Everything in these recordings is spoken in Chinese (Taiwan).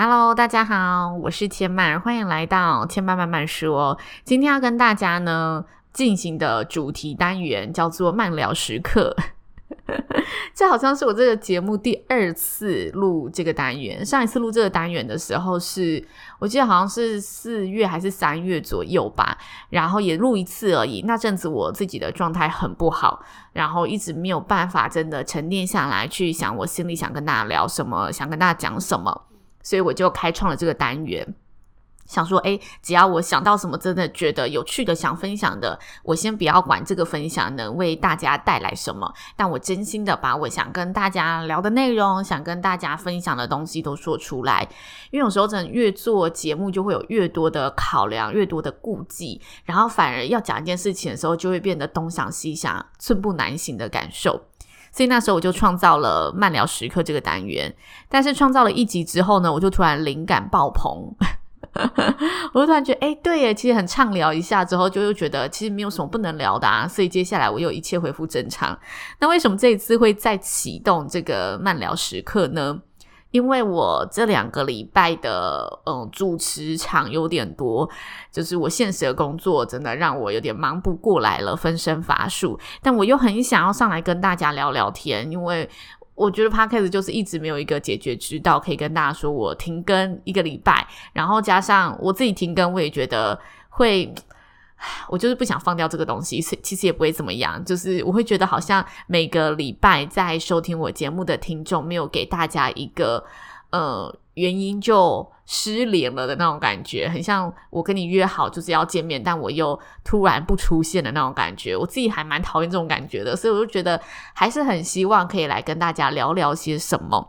哈嘍，大家好，我是千曼，歡迎來到千曼慢慢說。今天要跟大家呢進行的主題單元叫做“嫚聊時刻。” 這好像是我這個節目第二次錄這個單元，上一次錄這個單元的時候是，是我記得好像是四月還是三月左右吧，然後也錄一次而已。那陣子我自己的狀態很不好，然後一直沒有辦法真的沉澱下來去想我心裡想跟大家聊什麼，想跟大家講什麼。所以我就開創了這個單元，想說，哎，只要我想到什麼，真的覺得有趣的、想分享的，我先不要管這個分享能為大家帶來什麼，但我真心的把我想跟大家聊的內容、想跟大家分享的東西都說出來，因為有時候，真的越做節目就會有越多的考量、越多的顧忌，然後反而要講一件事情的時候，就會變得東想西想、寸步難行的感受。所以那時候我就創造了嫚聊時刻這個單元，但是創造了一集之後呢，我就突然靈感爆棚， 我就突然覺得，哎、欸，對耶，其實很暢聊一下之後，就又覺得其實沒有什麼不能聊的啊。所以接下來我又一切恢復正常。那為什麼這一次會再啟動這個嫚聊時刻呢？因為我這兩個禮拜的嗯主持場有點多，就是我現實的工作真的讓我有點忙不過來了，分身乏術。但我又很想要上來跟大家聊聊天，因為我覺得 Podcast 就是一直沒有一個解決之道，可以跟大家說我停更一個禮拜，然後加上我自己停更，我也覺得會。我就是不想放掉這個東西，其實也不會怎麼樣。就是我會覺得好像每個禮拜在收聽我節目的聽眾，沒有給大家一個呃原因就失聯了的那種感覺，很像我跟你約好就是要見面，但我又突然不出現的那種感覺。我自己還蠻討厭這種感覺的，所以我就覺得還是很希望可以來跟大家聊聊些什麼。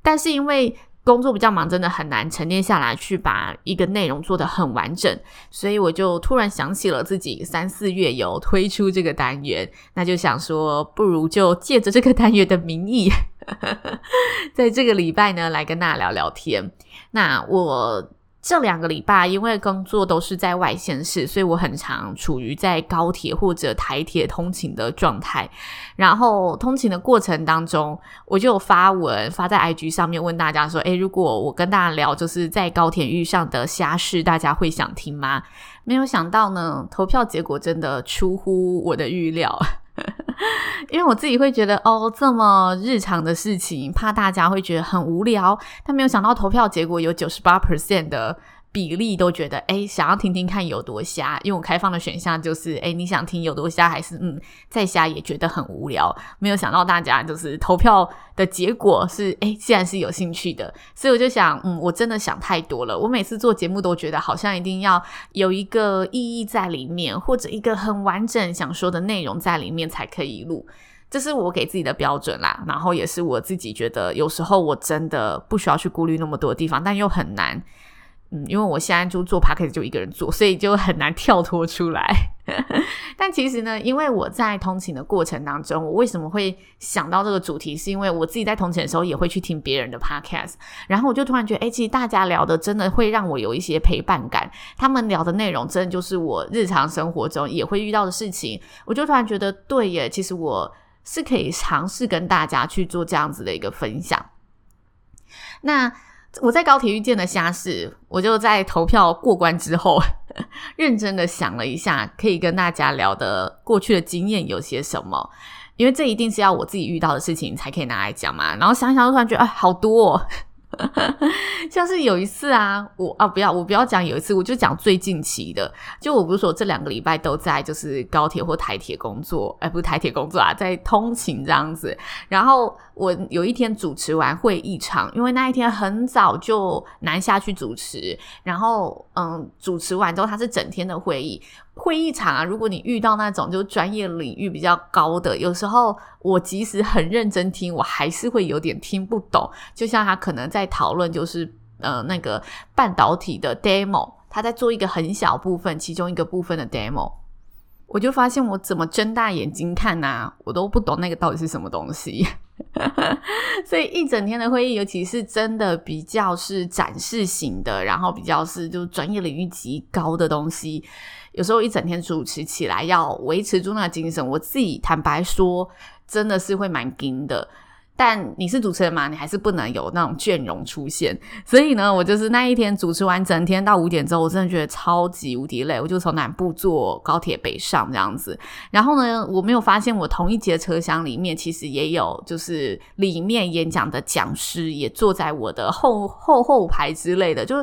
但是因為工作比較忙，真的很難沉澱下來去把一個內容做得很完整，所以我就突然想起了自己三四月有推出這個單元，那就想說，不如就借着這個單元的名義， 在這個禮拜呢來跟大家聊聊天。那我。這兩個禮拜，因為工作都是在外縣市，所以我很常處於在高鐵或者台鐵通勤的狀態。然後通勤的過程當中，我就有發文發在 IG 上面問大家說：“誒，如果我跟大家聊，就是在高鐵遇上的瞎事，大家會想聽嗎？”沒有想到呢，投票結果真的出乎我的預料。 因為我自己會覺得哦，這麼日常的事情，怕大家會覺得很無聊，但沒有想到投票結果有九十八 percent 的。比例都覺得誒、欸，想要聽聽看有多瞎，因為我開放的選項就是誒、欸，你想聽有多瞎，還是嗯，再瞎也覺得很無聊。沒有想到大家就是投票的結果是誒、欸，既然是有興趣的，所以我就想，嗯，我真的想太多了。我每次做節目都覺得好像一定要有一個意義在裡面，或者一個很完整想說的內容在裡面才可以錄，這是我給自己的標準啦。然後也是我自己覺得有時候我真的不需要去顧慮那麼多的地方，但又很難。嗯，因為我現在就做 podcast，就一個人做，所以就很難跳脫出來。 但其實呢，因為我在通勤的過程當中，我為什麼會想到這個主題？是因為我自己在通勤的時候也會去聽別人的 podcast，然後我就突然覺得，哎、欸，其實大家聊的真的會讓我有一些陪伴感。他們聊的內容真的就是我日常生活中也會遇到的事情，我就突然覺得，對耶，其實我是可以嘗試跟大家去做這樣子的一個分享。那，我在高鐵遇見的瞎事，我就在投票過關之後，呵呵，認真的想了一下，可以跟大家聊的過去的經驗有些什麼，因為這一定是要我自己遇到的事情才可以拿來講嘛。然後想想，突然覺得哎，好多哦。 像是有一次啊，我啊，不要，我不要講有一次，我就講最近期的。就我不是說這兩個禮拜都在就是高鐵或台鐵工作，而、呃、不是台鐵工作啊，在通勤這樣子。然後我有一天主持完會議場，因為那一天很早就南下去主持，然後嗯，主持完之後他是整天的會議。會議場啊，如果你遇到那種就是專業領域比較高的，有時候我即使很認真聽，我還是會有點聽不懂。就像他可能在討論，就是呃那個半導體的 demo，他在做一個很小部分，其中一個部分的 demo，我就發現我怎麼睜大眼睛看吶、啊，我都不懂那個到底是什麼東西。 所以一整天的會議，尤其是真的比較是展示型的，然後比較是就專業領域極高的東西。有時候一整天主持起來，要維持住那個精神，我自己坦白說，真的是會蠻拼的。但你是主持人嘛，你還是不能有那種倦容出現。所以呢，我就是那一天主持完整天到五點之後，我真的覺得超級無敵累，我就從南部坐高鐵北上這樣子。然後呢，我沒有發現我同一節車廂裡面其實也有，就是裡面演講的講師也坐在我的後後後排之類的，就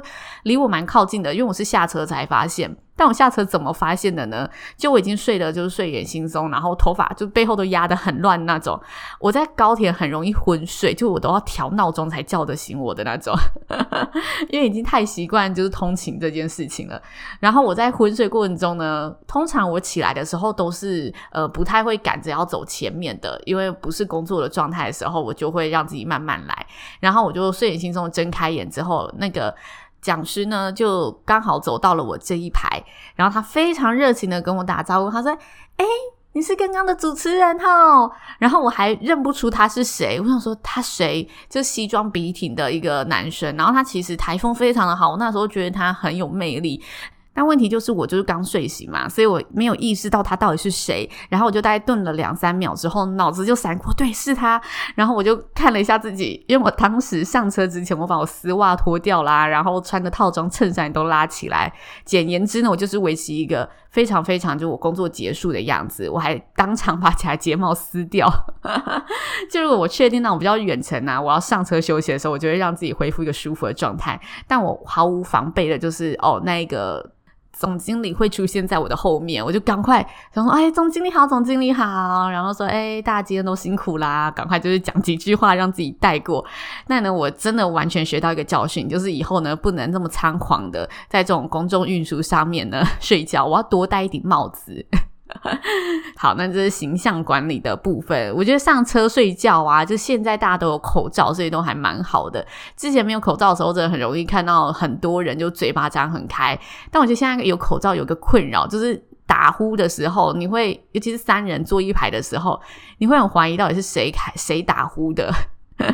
離我蠻靠近的，因為我是下車才發現。但我下車怎麼發現的呢？就我已經睡得就是睡眼惺忪，然後頭髮就背後都壓得很亂那種。我在高鐵很容易昏睡，就我都要調鬧鐘才叫得醒我的那種， 因為已經太習慣就是通勤這件事情了。然後我在昏睡過程中呢，通常我起來的時候都是呃不太會趕着要走前面的，因為不是工作的狀態的時候，我就會讓自己慢慢來。然後我就睡眼惺忪睜開眼之後，那個。講師呢，就剛好走到了我這一排，然後他非常熱情的跟我打招呼，他說：“哎，你是剛剛的主持人哦？”然後我還認不出他是誰，我想說他誰，就西裝筆挺的一個男生，然後他其實台風非常的好，我那時候覺得他很有魅力。但問題就是我就是剛睡醒嘛，所以我沒有意識到他到底是誰。然後我就大概頓了兩三秒之後，腦子就閃過，對，是他。然後我就看了一下自己，因為我當時上車之前，我把我絲襪脫掉啦、啊，然後穿的套裝、襯衫都拉起來。簡言之呢，我就是維持一個非常非常就我工作結束的樣子。我還當場把起來睫毛撕掉。 就如果我確定那我比較遠程啊，我要上車休息的時候，我就會讓自己恢復一個舒服的狀態。但我毫無防備的就是，哦，那一個。總經理會出現在我的後面，我就趕快想說：“哎，總經理好，總經理好。”然後說：“哎，大家今天都辛苦啦，趕快就是講幾句話，讓自己帶過。”那呢，我真的完全學到一個教訓，就是以後呢不能這麼猖狂的在這種公眾運輸上面呢睡覺，我要多戴一頂帽子。 好，那這是形象管理的部分。我覺得上車睡覺啊，就現在大家都有口罩，這些都還蠻好的。之前沒有口罩的時候，真的很容易看到很多人就嘴巴張很開。但我覺得現在有口罩，有個困擾就是打呼的時候，你會尤其是三人坐一排的時候，你會很懷疑到底是誰開誰打呼的。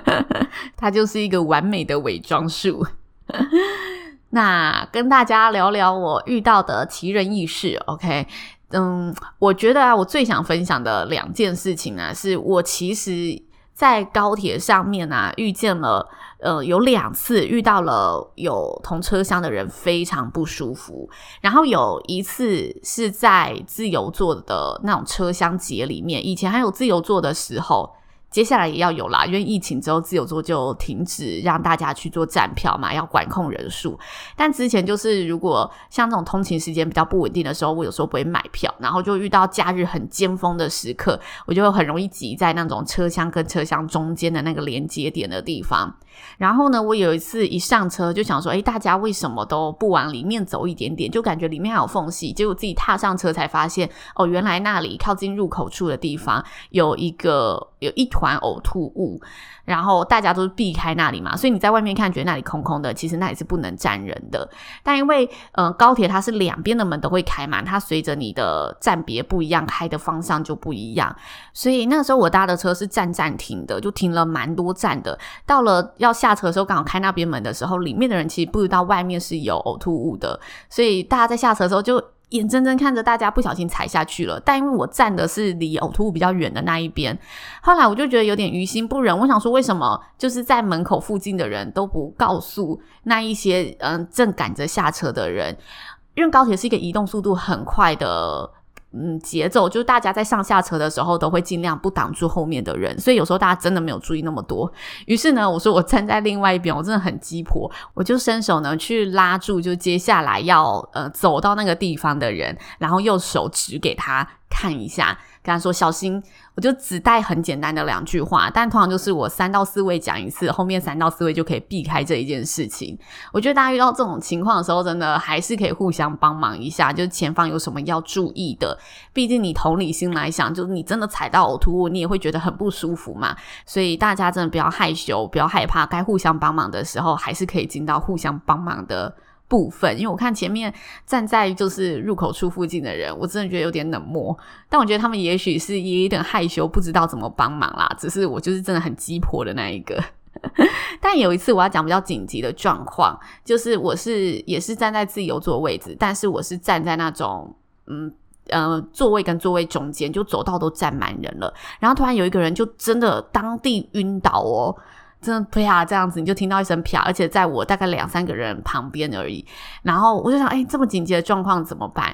他就是一個完美的偽裝術。 那跟大家聊聊我遇到的奇人異事。OK。嗯，我覺得啊，我最想分享的兩件事情啊，是我其實在高鐵上面啊，遇見了，呃，有兩次遇到了有同車廂的人非常不舒服，然後有一次是在自由座的那種車廂節裡面，以前還有自由座的時候。接下來也要有啦，因為疫情之後，自由座就停止讓大家去做站票嘛，要管控人數。但之前就是，如果像這種通勤時間比較不穩定的時候，我有時候不會買票，然後就遇到假日很尖峰的時刻，我就很容易擠在那種車廂跟車廂中間的那個連接點的地方。然後呢，我有一次一上車就想說：“哎，大家為什麼都不往裡面走一點點？就感覺裡面還有縫隙。”結果自己踏上車才發現，哦，原來那裡靠近入口處的地方有一個。有一團嘔吐物，然後大家都是避開那裡嘛，所以你在外面看覺得那裡空空的，其實那裡是不能站人的。但因為嗯，高鐵它是兩邊的門都會開嘛，它隨着你的站別不一樣，開的方向就不一樣。所以那個時候我搭的車是站站停的，就停了蠻多站的。到了要下車的時候，剛好開那邊門的時候，裡面的人其實不知道外面是有嘔吐物的，所以大家在下車的時候就。眼睜睜看着大家不小心踩下去了，但因為我站的是離嘔吐物比較遠的那一邊，後來我就覺得有點於心不忍。我想說，為什麼就是在門口附近的人都不告訴那一些，嗯，正趕着下車的人？因為高鐵是一個移動速度很快的。嗯，節奏就大家在上下車的時候都會盡量不擋住後面的人，所以有時候大家真的沒有注意那麼多。於是呢，我說我站在另外一邊，我真的很雞婆，我就伸手呢去拉住，就接下來要呃走到那個地方的人，然後用手指給他看一下。跟他說小心，我就只帶很簡單的兩句話，但通常就是我三到四位講一次，後面三到四位就可以避開這一件事情。我覺得大家遇到這種情況的時候，真的還是可以互相幫忙一下，就是前方有什麼要注意的，畢竟你同理心來想，就是你真的踩到嘔吐物，你也會覺得很不舒服嘛。所以大家真的不要害羞，不要害怕，該互相幫忙的時候，還是可以盡到互相幫忙的部分，因為我看前面站在就是入口處附近的人，我真的覺得有點冷漠。但我覺得他們也許是也有點害羞，不知道怎麼幫忙啦。只是我就是真的很雞婆的那一個。 但有一次我要講比較緊急的狀況，就是我是也是站在自由座位置，但是我是站在那種嗯呃座位跟座位中間，就走道都站滿人了。然後突然有一個人就真的當地暈倒哦。真的對啊，這樣子，你就聽到一聲啪，而且在我大概兩三個人旁邊而已。然後我就想，哎、欸，這麼緊急的狀況怎麼辦？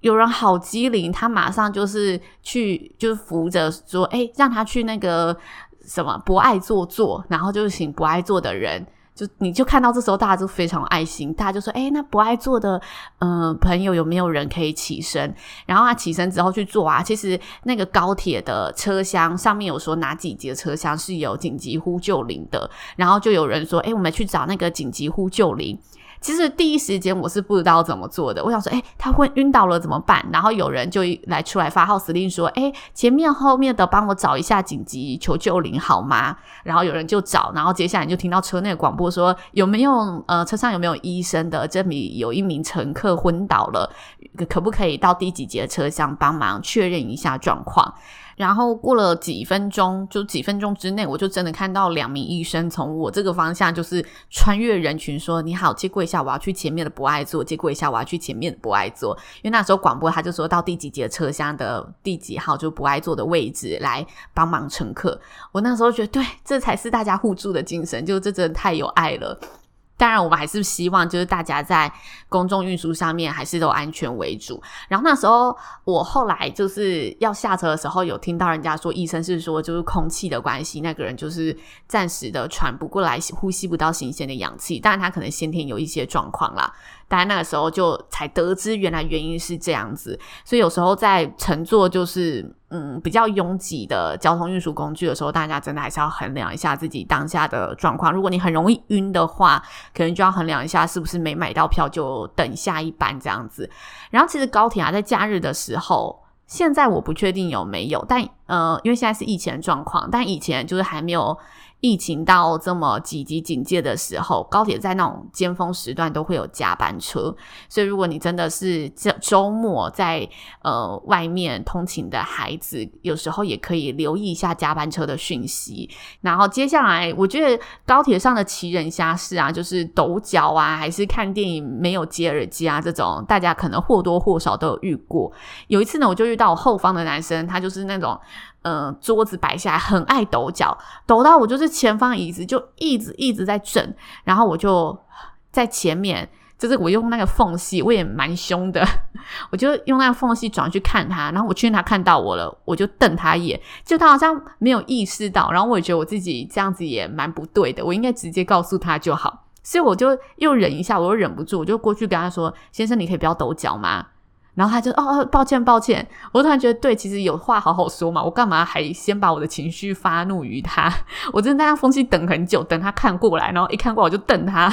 有人好機靈，他馬上就是去，就是扶着說，哎、欸，讓他去那個什麼博愛座坐，然後就請博愛座的人。就你就看到這時候大家都非常有愛心，大家就說：“哎、欸，那不愛坐的，嗯、呃、朋友有沒有人可以起身？”然後他、啊、起身之後去坐啊。其實那個高鐵的車廂上面有說哪幾節車廂是有緊急呼救鈴的，然後就有人說：“哎、欸，我們去找那個緊急呼救鈴。”其實第一時間我是不知道怎麼做的，我想說，哎、欸，他會暈倒了怎麼辦？然後有人就來出來發號施令說，哎、欸，前面後面的幫我找一下緊急求救鈴好嗎？然後有人就找，然後接下來就聽到車內廣播說，有沒有呃車上有沒有醫生的？這裡有一名乘客昏倒了，可不可以到第幾節車廂幫忙確認一下狀況？然後過了幾分鐘，就幾分鐘之內，我就真的看到兩名醫生從我這個方向就是穿越人群，說：“你好，借過一下，我要去前面的博愛座。”借過一下，我要去前面的博愛座。因為那時候廣播他就說到第幾節車廂的第幾號就博愛座的位置來幫忙乘客。我那時候覺得，對，這才是大家互助的精神，就這真的太有愛了。當然，我們還是希望就是大家在公眾運輸上面還是都安全為主。然後那時候我後來就是要下車的時候，有聽到人家說醫生是說就是空氣的關係，那個人就是暫時的喘不過來，呼吸不到新鮮的氧氣。當然他可能先天有一些狀況啦。但那個時候就才得知原來原因是這樣子，所以有時候在乘坐就是嗯比較擁擠的交通運輸工具的時候，大家真的還是要衡量一下自己當下的狀況。如果你很容易暈的話，可能就要衡量一下是不是沒買到票就等下一班這樣子。然後其實高鐵啊，在假日的時候，現在我不確定有沒有，但呃，因為現在是疫情狀況，但以前就是還沒有。疫情到這麼幾級警戒的時候，高鐵在那種尖峰時段都會有加班車，所以如果你真的是這周末在呃外面通勤的孩子，有時候也可以留意一下加班車的訊息。然後接下來，我覺得高鐵上的奇人異事啊，就是抖腳啊，還是看電影沒有接耳機啊，這種大家可能或多或少都有遇過。有一次呢，我就遇到我後方的男生，他就是那種。嗯，桌子擺下來很愛抖腳，抖到我就是前方椅子就一直一直在震，然後我就在前面，就是我用那個縫隙，我也蠻兇的，我就用那個縫隙轉去看他，然後我確定他看到我了，我就瞪他一眼，就他好像沒有意識到，然後我也覺得我自己這樣子也蠻不對的，我應該直接告訴他就好，所以我就又忍一下，我又忍不住，我就過去跟他說：“先生，你可以不要抖腳嗎？”然後他就哦，哦，抱歉抱歉，我突然覺得對，其實有話好好說嘛，我幹嘛還先把我的情緒發怒於他？我真的在那封信等很久，等他看過來，然後一看過來我就瞪他，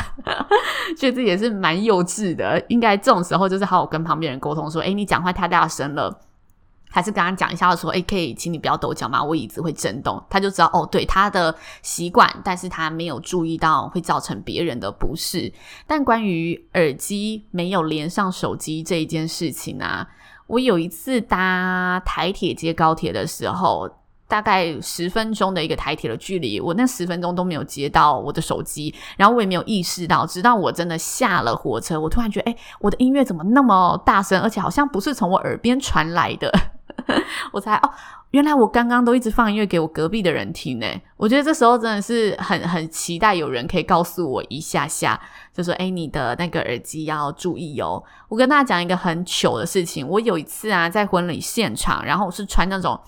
覺得這也是蠻幼稚的。應該這種時候就是好好跟旁邊人溝通，說，哎，你講話太大聲了。還是跟他講一下，說：“誒，可以，請你不要抖腳嘛，我椅子會震動。”他就知道哦，對他的習慣，但是他沒有注意到會造成別人的不適。但關於耳機沒有連上手機這一件事情啊，我有一次搭台鐵接高鐵的時候，大概十分鐘的一個台鐵的距離，我那十分鐘都沒有接到我的手機，然後我也沒有意識到，直到我真的下了火車，我突然覺得，誒，我的音樂怎麼那麼大聲，而且好像不是從我耳邊傳來的。 我才哦，原來我剛剛都一直放音樂給我隔壁的人聽欸。我覺得這時候真的是很很期待有人可以告訴我一下下，就說欸，你的那個耳機要注意哦。我跟大家講一個很糗的事情，我有一次啊在婚禮現場，然後我是穿那種。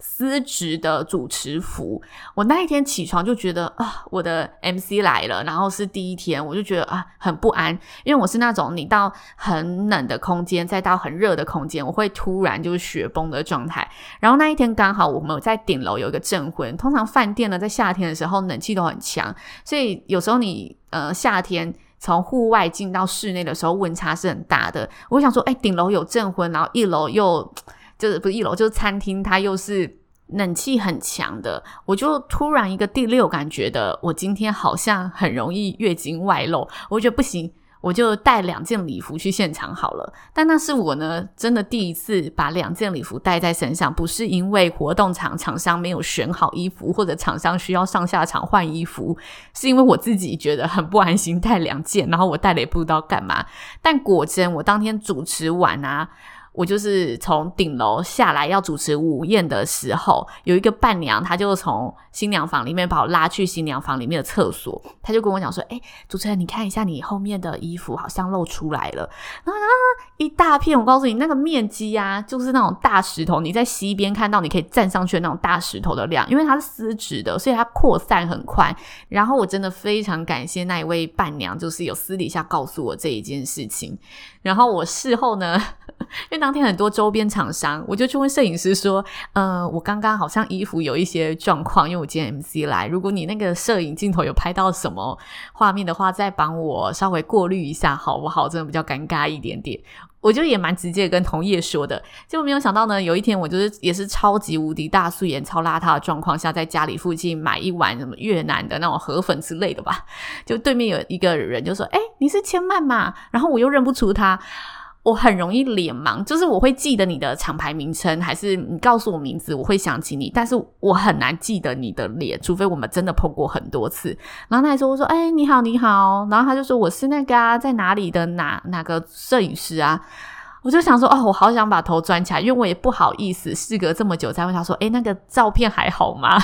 司職的主持服，我那一天起床就覺得啊，我的 MC 來了，然後是第一天，我就覺得啊很不安，因為我是那種你到很冷的空間，再到很熱的空間，我會突然就是雪崩的狀態。然後那一天剛好我們在頂樓有一個證婚，通常飯店呢在夏天的時候冷氣都很強，所以有時候你呃夏天從戶外進到室內的時候溫差是很大的。我會想說，哎，頂樓有證婚，然後一樓又。就是不是一樓，就是餐廳，它又是冷氣很強的，我就突然一個第六感覺得我今天好像很容易月經外漏，我覺得不行，我就帶兩件禮服去現場好了。但那是我呢，真的第一次把兩件禮服帶在身上，不是因為活動場廠商沒有選好衣服，或者廠商需要上下場換衣服，是因為我自己覺得很不安心帶兩件，然後我帶了也不知道幹嘛。但果真，我當天主持完啊。我就是從頂樓下來要主持午宴的時候，有一個伴娘，她就從新娘房裡面把我拉去新娘房裡面的廁所，她就跟我講說：“哎、欸，主持人，你看一下你後面的衣服好像露出來了，啊，一大片！我告訴你，那個面積啊，就是那種大石頭，你在西邊看到你可以站上去的那種大石頭的量，因為它是絲質的，所以它擴散很快。然後我真的非常感謝那一位伴娘，就是有私底下告訴我這一件事情。然後我事後呢。”因為當天很多周邊廠商，我就去問攝影師說：“嗯、呃，我剛剛好像衣服有一些狀況，因為我今天 MC 來，如果你那個攝影鏡頭有拍到什麼畫面的話，再幫我稍微過濾一下好不好？真的比較尷尬一點點。”我就也蠻直接跟同業說的，結果沒有想到呢，有一天我就是也是超級無敵大素顏、超邋遢的狀況下，在家裡附近買一碗什麼越南的那種河粉之類的吧，就對面有一個人就說：“哎、欸，你是千嫚嘛？”然後我又認不出他。我很容易臉盲，就是我會記得你的廠牌名稱，還是你告訴我名字，我會想起你。但是我很難記得你的臉，除非我們真的碰過很多次。然後他還說：“我說，哎，你好，你好。”然後他就說：“我是那個啊，在哪裡的哪哪個攝影師啊。”我就想說，哦，我好想把頭鑽起來，因為我也不好意思，事隔這麼久才問他說，誒，那個照片還好嗎？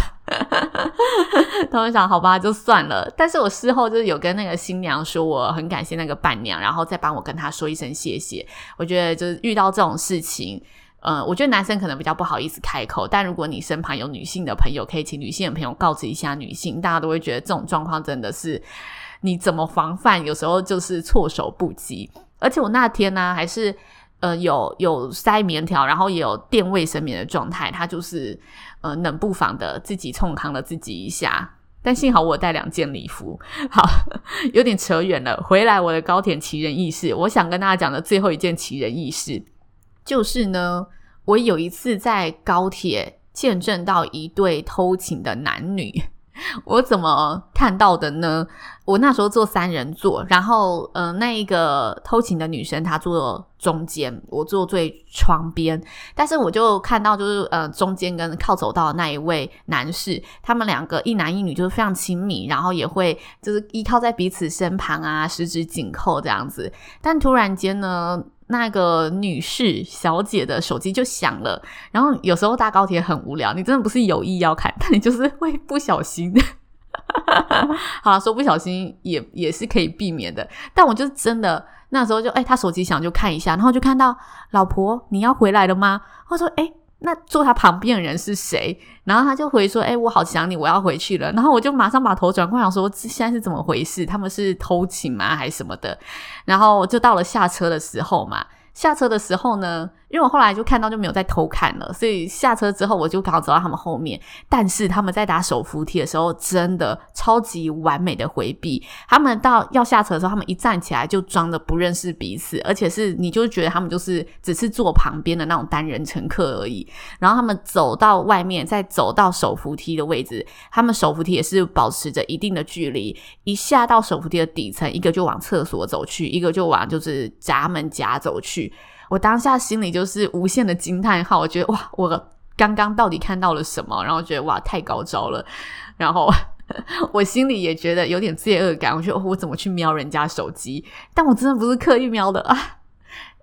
他會想，好吧，就算了。但是我事後就是有跟那個新娘說，我很感謝那個伴娘，然後再幫我跟她說一聲謝謝。我覺得就是遇到這種事情，嗯、呃，我覺得男生可能比較不好意思開口，但如果你身旁有女性的朋友，可以請女性的朋友告知一下女性，大家都會覺得這種狀況真的是你怎麼防範，有時候就是措手不及。而且我那天呢、啊，還是。呃，有有塞棉條，然後也有墊衛生棉的狀態，他就是呃冷不防的自己衝扛了，了自己一下，但幸好我帶兩件禮服，好有點扯遠了，回來我的高鐵奇人異事。我想跟大家講的最後一件奇人異事，就是呢，我有一次在高鐵見證到一對偷情的男女。我怎麼看到的呢？我那時候坐三人座，然後，嗯、呃，那一個偷情的女生她坐中間，我坐最窗邊。但是我就看到，就是，呃，中間跟靠走道那一位男士，他們兩個一男一女，就是非常親密，然後也會就是依靠在彼此身旁啊，十指緊扣這樣子。但突然間呢？那個女士小姐的手機就響了，然後有時候搭高鐵很無聊，你真的不是有意要看，但你就是會不小心。 好了，說不小心也也是可以避免的，但我就是真的那時候就誒她、欸、手機響就看一下，然後就看到老婆你要回來了嗎？我說誒、欸那坐他旁邊的人是誰？然後他就回說：“哎、欸，我好想你，我要回去了。”然後我就馬上把頭轉過來，想說：“現在是怎麼回事？他們是偷情嗎？還是什麼的？”然後就到了下車的時候嘛。下車的時候呢？因為我後來就看到就沒有再偷看了，所以下車之後我就剛好走到他們後面。但是他們在打手扶梯的時候，真的超級完美的回避。他們到要下車的時候，他們一站起來就裝着不認識彼此，而且是你就覺得他們就是只是坐旁邊的那種單人乘客而已。然後他們走到外面，再走到手扶梯的位置，他們手扶梯也是保持着一定的距離。一下到手扶梯的底層，一個就往廁所走去，一個就往就是閘門夾走去。我當下心裡就是無限的驚嘆號。我覺得哇，我剛剛到底看到了什麼？然後覺得哇，太高招了。然後 我心裡也覺得有點罪惡感，我覺得、哦、我怎麼去瞄人家手機？但我真的不是刻意瞄的啊。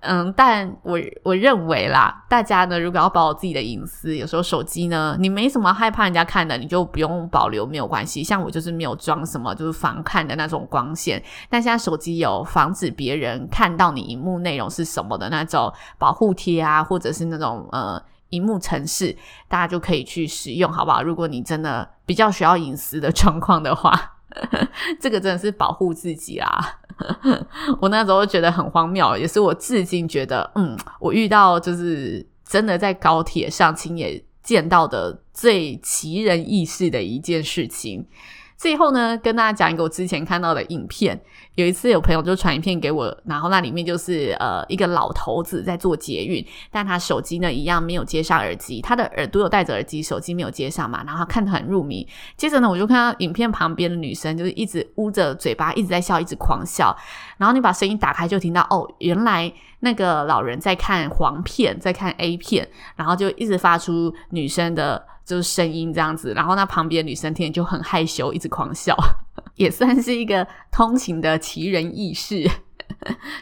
嗯，但我我認為啦，大家呢，如果要保我自己的隱私，有時候手機呢，你沒什麼害怕人家看的，你就不用保留，沒有關係。像我就是沒有裝什麼，就是防看的那種光線。但現在手機有防止別人看到你熒幕內容是什麼的那種保護貼啊，或者是那種呃熒幕程式，大家就可以去使用，好不好？如果你真的比較需要隱私的狀況的話，呵呵，這個真的是保護自己啦。 我那時候覺得很荒謬，也是我至今覺得，嗯，我遇到就是真的在高鐵上親眼見到的最奇人異事的一件事情。最後呢，跟大家講一個我之前看到的影片。有一次有朋友就傳影片給我，然後那裡面就是呃一個老頭子在坐捷運，但他手機呢一樣沒有接上耳機，他的耳朵有戴着耳機，手機沒有接上嘛，然後他看得很入迷。接着呢，我就看到影片旁邊的女生就是一直捂着嘴巴，一直在笑，一直狂笑。然後你把聲音打開，就聽到哦，原來那個老人在看黃片，在看 A 片，然後就一直發出女生的。就是聲音這樣子，然後那旁邊女生聽就很害羞，一直狂笑， 也算是一個通勤的奇人異事。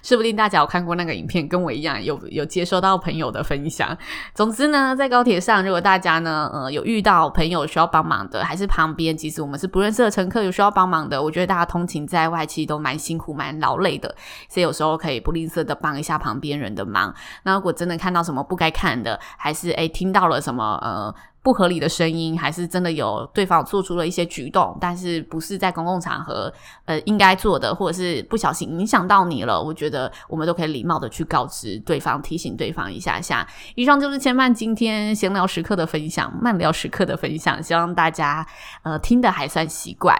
說 不定大家有看過那個影片，跟我一樣有有接收到朋友的分享。總之呢，在高鐵上，如果大家呢呃有遇到朋友需要幫忙的，還是旁邊其實我們是不認識的乘客有需要幫忙的，我覺得大家通勤在外其實都蠻辛苦，蠻勞累的，所以有時候可以不吝嗇的幫一下旁邊人的忙。那如果真的看到什麼不該看的，還是誒聽到了什麼呃。不合理的聲音，還是真的有對方做出了一些舉動，但是不是在公共場合，呃，應該做的，或者是不小心影響到你了，我覺得我們都可以禮貌的去告知對方，提醒對方一下下。以上就是千曼，今天閒聊時刻的分享，嫚聊時刻的分享，希望大家呃聽得還算習慣。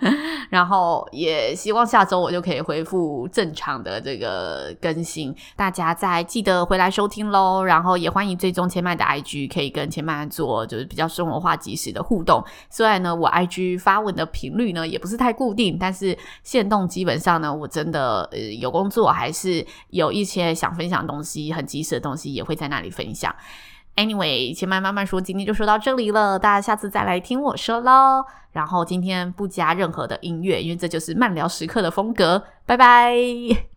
然後也希望下周我就可以恢復正常的這個更新，大家再記得回來收聽嘍。然後也歡迎追蹤千嫚的 IG，可以跟千嫚做就是比較生活化、及時的互動。雖然呢，我 IG 發文的頻率呢也不是太固定，但是限動基本上呢，我真的、呃、有工作還是有一些想分享的東西、很及時的東西也會在那裡分享。Anyway，前面慢慢說，今天就說到這裡了，大家下次再來聽我說嘍。然後今天不加任何的音樂，因為這就是嫚聊時刻的風格。拜拜。